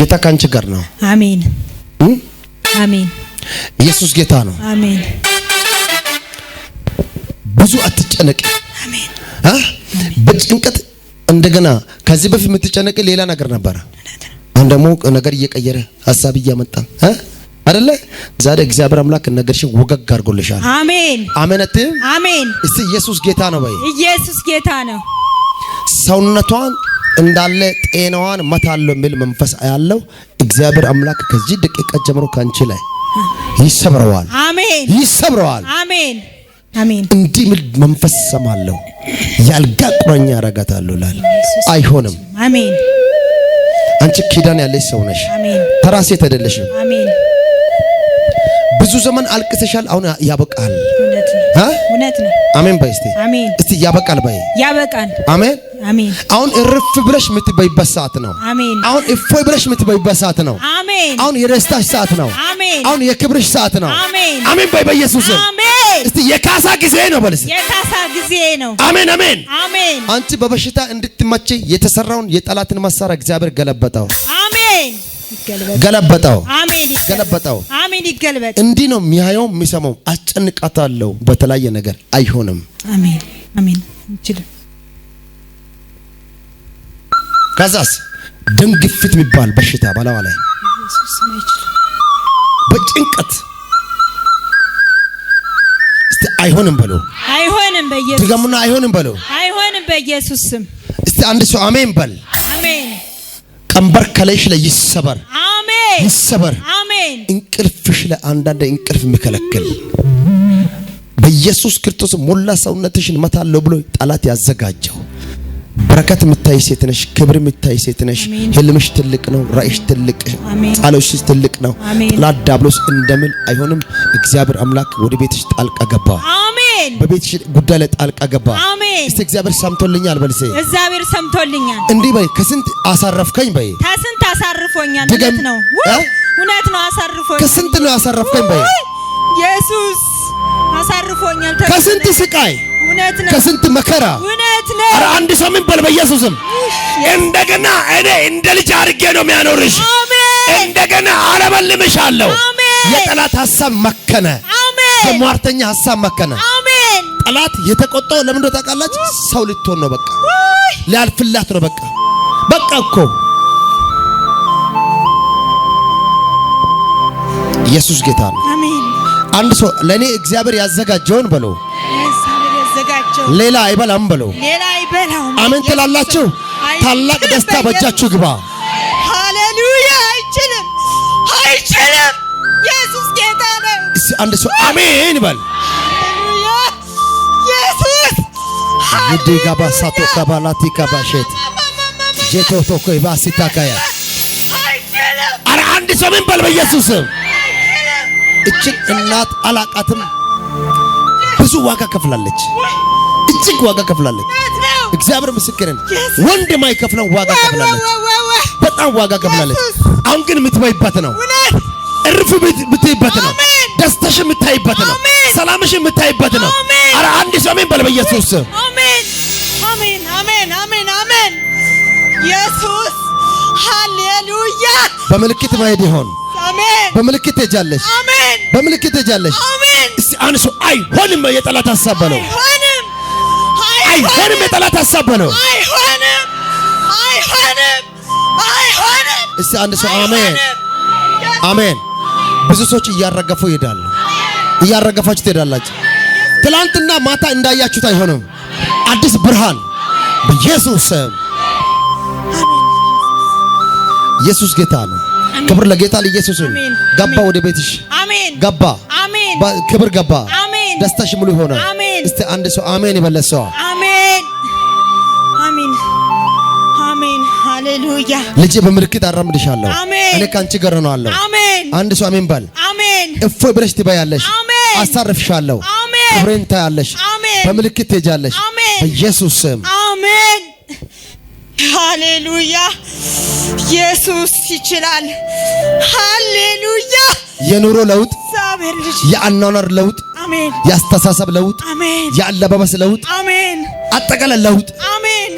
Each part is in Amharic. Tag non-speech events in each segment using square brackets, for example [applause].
ጌታ ከአንቺ ጋር ነው። አሜን አሜን። ኢየሱስ ጌታ ነው። አሜን። ብዙ አትጨነቂ። በጭንቀት እንደገና ከዚህ በፊት የምትጨነቂ ሌላ ነገር ነበረ። አሁን ደግሞ ነገር እየቀየረ ሀሳብ እያመጣ አይደለ? ዛሬ እግዚአብሔር አምላክ ነገርሽን ወገግ አድርጎልሻል። አሜን አሜነት አሜን። እስቲ ኢየሱስ ጌታ ነው በይ። ኢየሱስ ጌታ ነው። ሰውነቷን እንዳለ ጤናዋን መታለው የሚል መንፈስ ያለው እግዚአብሔር አምላክ ከዚህ ደቂቃ ጀምሮ ካንቺ ላይ ይሰብረዋል። አሜን፣ ይሰብረዋል። አሜን፣ አሜን። እንዲህ የሚል መንፈስ ሰማለሁ። ያልጋ ቁራኛ ያረጋታለሁ እላለሁ። አይሆንም። አሜን። አንቺ ኪዳን ያለሽ ሰው ነሽ። አሜን። ተራ ሴት አይደለሽም። አሜን። ብዙ ዘመን አልቅሰሻል። አሁን ያበቃል። እውነት ነው። አሜን። በይ እስቲ፣ አሜን። እስቲ ያበቃል። በይ ያበቃል። አሜን አሁን እርፍ ብለሽ የምትበይበት ሰዓት ነው። አሁን እፎይ ብለሽ የምትበይበት ሰዓት ነው። አሁን የደስታሽ ሰዓት ነው። አሁን የክብርሽ ሰዓት ነው። አሜን። በይ በኢየሱስ እስቲ የካሳ ጊዜ ነው በልስ። የካሳ ጊዜ ነው። አሜን፣ አሜን፣ አሜን። አንቺ በበሽታ እንድትመች የተሰራውን የጠላትን መሳሪያ እግዚአብሔር ገለበጠው። አሜን ገለበጠው ገለበጠው። አሜን ይገልበጥ። እንዲህ ነው የሚያየው የሚሰማው። አስጨንቃታለሁ በተለያየ ነገር አይሆንም። አሜን አሜን። እንችልም ከዛስ ደም ግፊት የሚባል በሽታ በላዋ ላይ በጭንቀት እስቲ አይሆንም በለው። አይሆንም በኢየሱስ ድገሙና፣ አይሆንም በለው። አይሆንም በኢየሱስ ስም። እስቲ አንድ ሰው አሜን በል። አሜን። ቀንበር ከላይሽ ላይ ይሰበር፣ አሜን፣ ይሰበር፣ አሜን። እንቅልፍሽ ላይ አንዳንድ እንቅልፍ የሚከለክል በኢየሱስ ክርስቶስ ሞላ ሰውነትሽን መታለው ብሎ ጠላት ያዘጋጀው በረከት የምታይ ሴት ነሽ። ክብር የምታይ ሴት ነሽ። ህልምሽ ትልቅ ነው። ራእይሽ ትልቅ፣ ጣሎሽ ትልቅ ነው። ጠላት ዲያብሎስ እንደምን አይሆንም። እግዚአብሔር አምላክ ወደ ቤትሽ ጣልቃ ገባ። አሜን። በቤትሽ ጉዳይ ላይ ጣልቃ ገባ። አሜን። እስቲ እግዚአብሔር ሰምቶልኛል በልሴ። እግዚአብሔር ሰምቶልኛል እንዲህ በይ። ከስንት አሳረፍከኝ በይ። ከስንት አሳርፎኛል። እውነት ነው፣ እውነት ነው። አሳርፎኛል። ከስንት ነው ያሳረፍከኝ በይ። ኢየሱስ አሳርፎኛል። ከስንት ስቃይ ከስንት መከራ ኧረ አንድ ሰው ምን በል በኢየሱስም እንደገና እኔ እንደ ልጅ አድርጌ ነው የሚያኖርሽ። እንደገና አለው የጠላት ሐሳብ መከነ። የሟርተኛ ሐሳብ መከነ። ጠላት የተቆጣው ለምን እንደሆነ ታውቃላችሁ? ሰው ልትሆን ነው በቃ ሊያልፍላት ነው በቃ በቃ እኮ ኢየሱስ ጌታ ነው። አንድ ሰው ለእኔ እግዚአብሔር ያዘጋጀውን በለው ሌላ አይበላም በሉ። አሜን ትላላችሁ። ታላቅ ደስታ በእጃችሁ ግባ። ሃሌሉያ! አይችልም፣ አይችልም። ኢየሱስ ጌታ ነው። አንድ ሰው አሜን ይበል። ይዲጋባ ሳቶ ካባላቲ ካባሸት ጄቶ አንድ ሰው ምን በል በኢየሱስም እችን እናት አላቃትም ብዙ ዋጋ ከፍላለች፣ እጅግ ዋጋ ከፍላለች። እግዚአብሔር ምስክርን ወንድ የማይከፍለው ዋጋ ከፍላለች፣ በጣም ዋጋ ከፍላለች። አሁን ግን የምትበይበት ነው፣ እርፍ ብትይበት ነው፣ ደስተሽ የምታይበት ነው፣ ሰላምሽ የምታይበት ነው። አረ አንድ ሰው አሜን በል በኢየሱስ ኢየሱስ ሃሌሉያ። በምልክት ማሄድ ይሆን በምልክት ሄጃለሽ። አሜን። በምልክት አሜን። እስቲ አንሱ። አይሆንም የጠላት ሀሳብ አይሆንም። የጠላት እስቲ አንድ ሰው አሜን፣ አሜን። ብዙ ሰዎች እያረገፉ ይሄዳሉ። እያረገፋችሁ ትሄዳላችሁ። ትላንትና ማታ እንዳያችሁት አይሆንም። አዲስ ብርሃን በኢየሱስ ስም። ኢየሱስ ጌታ ነው። ክብር ለጌታ ለኢየሱስ ይሁን። ገባ ወደ ቤትሽ ገባ። ክብር ገባ። ደስታሽ ሙሉ ይሆናል። እስቲ አንድ ሰው አሜን ይበለሰዋ። አሜን ሃሌሉያ። ልጄ በምልክት አራምድሻለሁ። እኔ ካንቺ ጋር እሆናለሁ። አንድ ሰው አሜን በል። አሜን። እፎይ ብለሽ ትበያለሽ። አሳርፍሻለሁ። ክብሬን ታያለሽ። በምልክት ትሄጃለሽ። በኢየሱስ ስም ሃሌሉያ! ኢየሱስ ይችላል። ሃሌሉያ! የኑሮ ለውጥ፣ የአኗኗር ለውጥ፣ የአስተሳሰብ ለውጥ፣ የአለባበስ ለውጥ፣ አጠቃላይ ለውጥ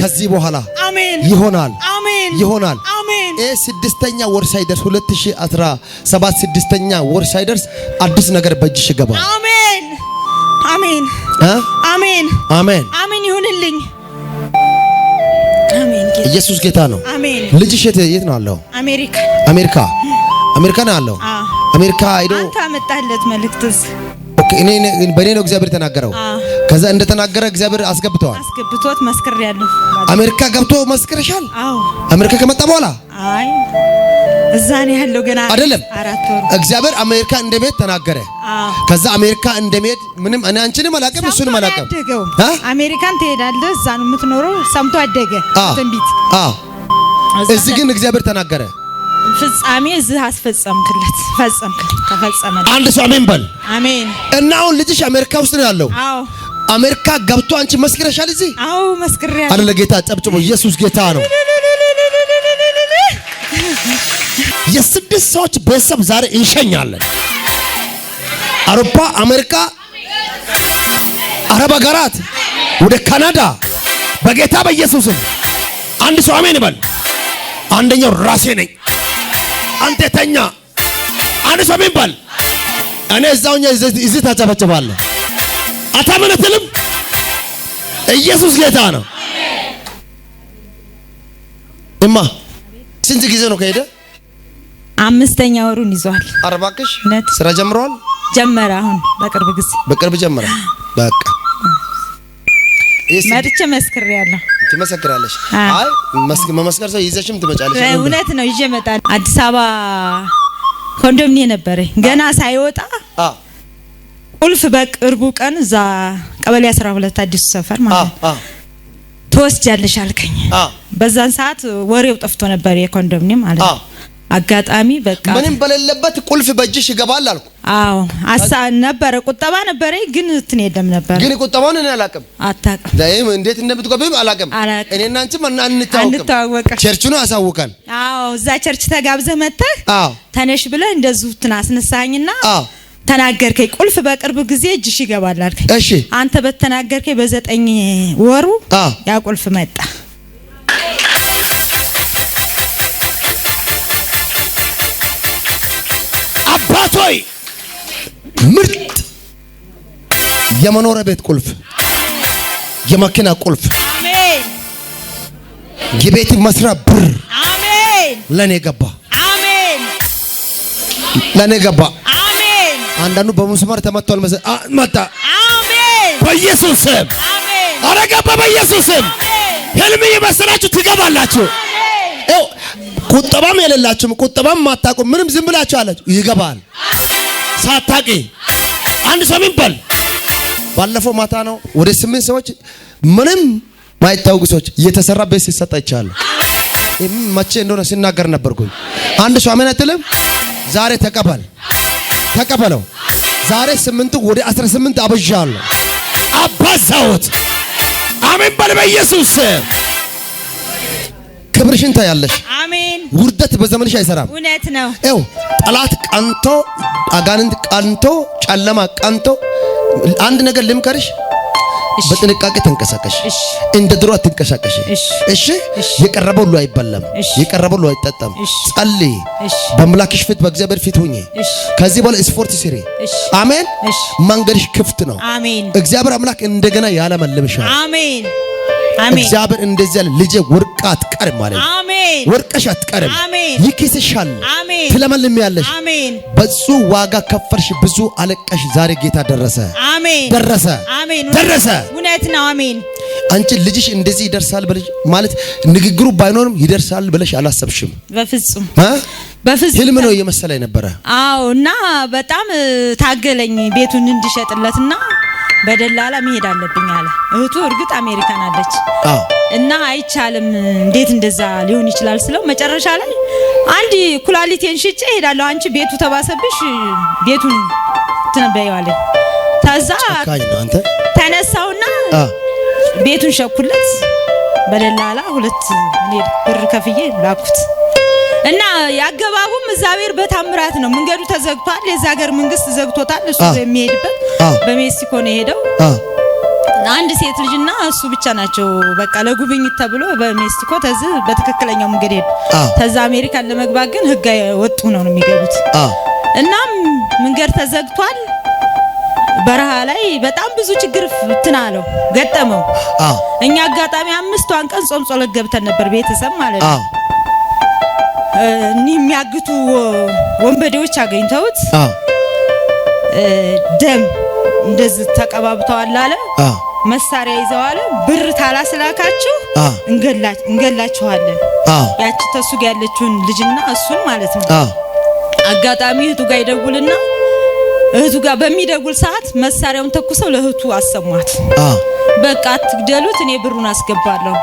ከዚህ በኋላ ይሆናል ይሆናል። ይህ ስድስተኛ ወር ሳይደርስ 2017 ስድስተኛ ወር ሳይደርስ አዲስ ነገር በእጅሽ ይገባል። አሜን አሜን አሜን አሜን ይሁንልኝ። ኢየሱስ ጌታ ነው። አሜን። ልጅሽ የት የት ነው አለው? አሜሪካ አሜሪካ አሜሪካ ነው አለው። አሜሪካ አይዶ አንተ አመጣለት መልእክትስ እኔ በእኔ ነው እግዚአብሔር የተናገረው። ከዛ እንደተናገረ እግዚአብሔር አስገብተዋል። አስገብቶት መስክሬያለሁ። አሜሪካ ገብቶ መስክርሻል? አዎ። አሜሪካ ከመጣ በኋላ አይ እዛ ያለው ገና አይደለም። እግዚአብሔር አሜሪካ እንደሚሄድ ተናገረ። ከዛ አሜሪካ እንደሚሄድ ምንም እኔ አንቺንም አላውቅም እሱንም አላውቅም። አሜሪካን ትሄዳለህ፣ እዛ ነው የምትኖረው። ሰምቶ አደገ ትንቢት። እዚህ ግን እግዚአብሔር ተናገረ። ፍጻሜ እዚህ አስፈጸምክለት፣ ፈጸምክለት፣ ተፈጸመ። አንድ ሰው አሜን በል። አሜን። እና አሁን ልጅሽ አሜሪካ ውስጥ ነው ያለው። አዎ አሜሪካ ገብቶ አንቺ መስክረሻል። እዚህ አዎ መስክሬያለሁ። አለ ጌታ ጨብጭቦ ኢየሱስ ጌታ ነው። የስድስት ሰዎች ቤተሰብ ዛሬ እንሸኛለን። አውሮፓ፣ አሜሪካ፣ አረብ ሀገራት፣ ወደ ካናዳ በጌታ በኢየሱስ አንድ ሰው አሜን ይበል። አንደኛው ራሴ ነኝ። አንተ ተኛ። አንድ ሰው አሜን ይበል። እኔ እዛውኛ እዚህ ታጨፈጭፋለህ፣ አታምነትልም ኢየሱስ ጌታ ነው። እማ ስንት ጊዜ ነው ከሄደ አምስተኛ ወሩን ይዟል። ኧረ እባክሽ ስራ ጀምሯል? ጀመረ። አሁን በቅርብ ጊዜ በቅርብ ጀመረ። በቃ መርቼ መስክሬያለሁ። ትመሰክራለሽ? አይ መስክ መመስከር ሰው ይዘሽም ትመጫለሽ። እውነት ነው፣ ይዤ እመጣለሁ። አዲስ አበባ ኮንዶምኒ ነበረ ገና ሳይወጣ ቁልፍ በቅርቡ ቀን እዛ ቀበሌ 12 አዲሱ ሰፈር ማለት ነው ትወስጃለሽ አልከኝ። በዛን ሰዓት ወሬው ጠፍቶ ነበር የኮንዶምኒ ማለት ነው አጋጣሚ በቃ ምንም በሌለበት ቁልፍ በእጅሽ ይገባል አልኩ። አዎ አሳ ነበረ ቁጠባ ነበረ፣ ግን እንትን የለም ነበር። ግን ቁጠባውን እኔ አላቅም አታቅም፣ ዳይም እንዴት እንደምትቆብም እኔ አላቅም። እኔና አንቺም አንተዋወቅም። ቸርቹን አሳውቃል። አዎ እዛ ቸርች ተጋብዘ መጥተህ አዎ ተነሽ ብለህ እንደዚሁ እንትን አስነሳኸኝና አዎ ተናገርከኝ። ቁልፍ በቅርብ ጊዜ እጅሽ ይገባል አልከኝ። እሺ አንተ በተናገርከኝ በዘጠኝ ወሩ ያ ቁልፍ መጣ። ምርጥ የመኖሪያ ቤት ቁልፍ፣ የመኪና ቁልፍ፣ የቤት መስሪያ ብር ለኔ ገባ፣ ለኔ ገባ። አንዳንዱ በመስመር ተመቷል መሰለኝ። መጣ በኢየሱስ ስም፣ ኧረ ገባ በኢየሱስ ስም። ህልም የመሰላችሁ ትገባላችሁ። ቁጠባም የሌላችሁም ቁጠባም ማታውቁም ምንም ዝም ብላችሁ አላችሁ ይገባል። ሳታቂ አንድ ሰው ይባል። ባለፈው ማታ ነው ወደ ስምንት ሰዎች ምንም ማይታወቁ ሰዎች እየተሰራ ቤት ሲሰጣ ይቻላል። መቼ እንደሆነ ሲናገር ነበርኩኝ። አንድ ሰው አመን አትልም? ዛሬ ተቀበል፣ ተቀበለው። ዛሬ ስምንቱ ወደ አስራ 18 አበዣለሁ፣ አባዛሁት። አሜን በል በኢየሱስ ፍቅርሽን ታያለሽ። አሜን። ውርደት በዘመንሽ አይሰራም። እውነት ነው። ይኸው ጠላት ቀንቶ፣ አጋንንት ቀንቶ፣ ጨለማ ቀንቶ አንድ ነገር ልምከርሽ በጥንቃቄ ተንቀሳቀሽ። እንደ ድሮ አትንቀሳቀሽ። እሺ የቀረበ ሁሉ አይበላም፣ የቀረበ ሁሉ አይጠጣም። ጸልይ፣ በአምላክሽ ፊት በእግዚአብሔር ፊት ሁኚ። ከዚህ በኋላ ስፖርት ስሪ። አሜን። መንገድሽ ክፍት ነው። አሜን። እግዚአብሔር አምላክ እንደገና ያለመልምሻል። አሜን። እግዚአብሔር እንደዚህ ያለ ልጄ ወርቃ አትቀርም ማለት አሜን። ወርቀሽ አትቀርም፣ ይክስሻል፣ ትለመልሚያለሽ። ብዙ ዋጋ ከፈርሽ፣ ብዙ አለቀሽ። ዛሬ ጌታ ደረሰ፣ አሜን። ደረሰ፣ አሜን። ደረሰ። እውነት ነው። አሜን። አንቺ ልጅሽ እንደዚህ ይደርሳል ብለሽ ማለት ንግግሩ ባይኖርም ይደርሳል ብለሽ አላሰብሽም። በፍጹም በፍጹም ህልም ነው እየመሰለ ነበረ። አዎ። እና በጣም ታገለኝ ቤቱን እንድሸጥለትና በደላላ መሄድ አለብኝ አለ። እህቱ እርግጥ አሜሪካን አለች እና አይቻልም፣ እንዴት እንደዛ ሊሆን ይችላል ስለው መጨረሻ ላይ አንድ ኩላሊቴን ሽጬ እሄዳለሁ፣ አንቺ ቤቱ ተባሰብሽ፣ ቤቱን ትነበየዋለኝ። ከዛ ተነሳውና ቤቱን ሸኩለት በደላላ ሁለት ብር ከፍዬ ላኩት። እና ያገባቡም እግዚአብሔር በታምራት ነው። መንገዱ ተዘግቷል። የዛ ሀገር መንግስት ዘግቶታል። እሱ የሚሄድበት በሜክሲኮ ነው የሄደው። አንድ ሴት ልጅና እሱ ብቻ ናቸው። በቃ ለጉብኝት ተብሎ በሜክሲኮ ተዝ በትክክለኛው መንገድ ሄዱ። ተዛ አሜሪካን ለመግባት ግን ህግ ወጡ ነው የሚገቡት። እናም መንገድ ተዘግቷል። በረሃ ላይ በጣም ብዙ ችግር ፍትና አለው ገጠመው። እኛ አጋጣሚ አምስቷን ቀን ጾም ጸሎት ገብተን ነበር ቤተሰብ ማለት ነው እኒህ የሚያግቱ ወንበዴዎች አገኝተውት ደም እንደዚህ ተቀባብተዋል አለ። መሳሪያ ይዘዋል። ብር ታላስላካችሁ እንገላችኋለን። ያቺ ተሱ ጋር ያለችውን ልጅና እሱን ማለት ነው። አጋጣሚ እህቱ ጋር ይደውልና እህቱ ጋር በሚደውል ሰዓት መሳሪያውን ተኩሰው ለእህቱ አሰሟት። በቃ አትግደሉት፣ እኔ ብሩን አስገባለሁ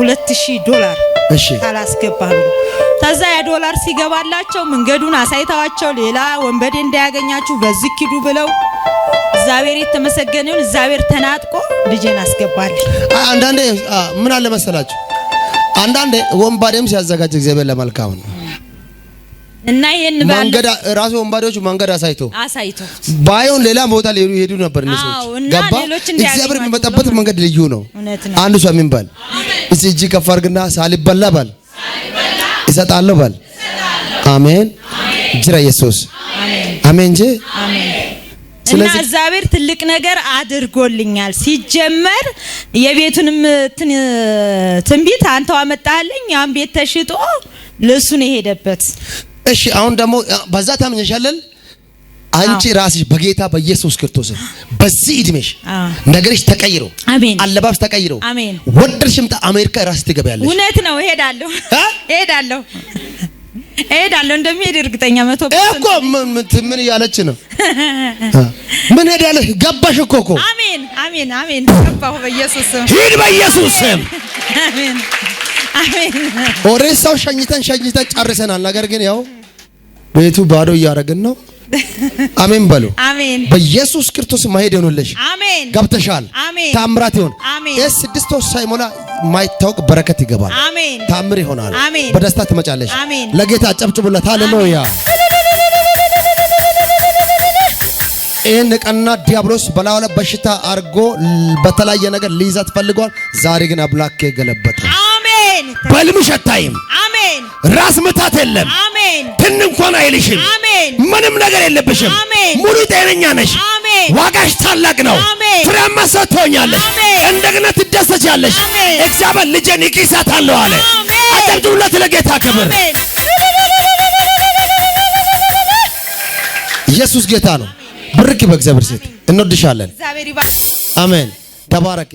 ሁለት ሺህ ዶላር ታላስገባለሁ ከዛ ዶላር ሲገባላቸው መንገዱን አሳይተዋቸው ሌላ ወንበዴ እንዳያገኛችሁ በዚህ ኪዱ ብለው እግዚአብሔር የተመሰገነውን እግዚአብሔር ተናጥቆ ልጄን አስገባል። አንዳንዴ ምን አለ መሰላችሁ፣ አንዳንዴ ወንባዴም ሲያዘጋጅ እግዚአብሔር ለመልካም ነው እና ይሄን መንገድ ራሱ ወንባዴዎቹ መንገድ አሳይቶ አሳይቶ ባይሆን ሌላ ቦታ ሊሄዱ ይሄዱ ነበር። አዎ እና ሌሎች እግዚአብሔር የሚመጣበት መንገድ ልዩ ነው። አንዱ ሰው ምን ባል እዚህ እጅ ከፍ አድርግና ሳልበላ ባል እሰጣለሁ በል። አሜን ጅራ ኢየሱስ አሜን እንጂ እና እግዚአብሔር ትልቅ ነገር አድርጎልኛል። ሲጀመር የቤቱንም ትንቢት አንተው አመጣልኝ። ያን ቤት ተሽጦ ለሱ የሄደበት። እሺ አሁን ደግሞ በዛ ታምኘሻለል አንቺ ራስሽ በጌታ በኢየሱስ ክርስቶስ በዚህ እድሜሽ ነገርሽ ተቀይሮ፣ አለባብሽ ተቀይሮ፣ ወደድሽም አሜሪካ ራስ ትገበያለሽ። እውነት ነው። እሄዳለሁ፣ እሄዳለሁ፣ እሄዳለሁ። እንደሚሄድ እርግጠኛ መቶ እኮ ምን ምን እያለች ነው? ምን እሄዳለሽ? ገባሽ እኮ እኮ። አሜን፣ አሜን፣ አሜን። ገባሁ። በኢየሱስ ስም ሂድ፣ በኢየሱስ ስም አሜን፣ አሜን። ኦሬሳው ሸኝተን ሸኝተን ጨርሰናል። ነገር ግን ያው ቤቱ ባዶ እያደረግን ነው። [laughs] አሜን በሉ። አሜን። በኢየሱስ ክርስቶስ ማሄድ ይሆንልሽ። አሜን። ገብተሻል። አሜን። ታምራት ይሆን። አሜን። እስ ስድስት ወር ሳይሞላ ማይታወቅ በረከት ይገባል። አሜን። ታምር ይሆናል። አሜን። በደስታ ትመጫለሽ። አሜን። ለጌታ አጨብጭቡለት። ሃሌሉያ። ይህን ቀና ዲያብሎስ በላዋለ በሽታ አርጎ በተለያየ ነገር ሊይዛት ፈልጓል። ዛሬ ግን አምላክ ገለበጠ። በልምሽ አታይም። ራስ ምታት የለም። ትን እንኳን አይልሽም። አሜን። ምንም ነገር የለብሽም። አሜን። ሙሉ ጤነኛ ነሽ። አሜን። ዋጋሽ ታላቅ ነው። አሜን። ፍሬያማ ሰው ትሆኛለሽ። እንደገና ትደሰቻለሽ። አሜን። እግዚአብሔር ልጄን ይቅሳታል አለ። አጨብጭቡለት ለጌታ ክብር። ኢየሱስ ጌታ ነው። ብርክ በእግዚአብሔር ሴት እንወድሻለን። አሜን። ተባረክ።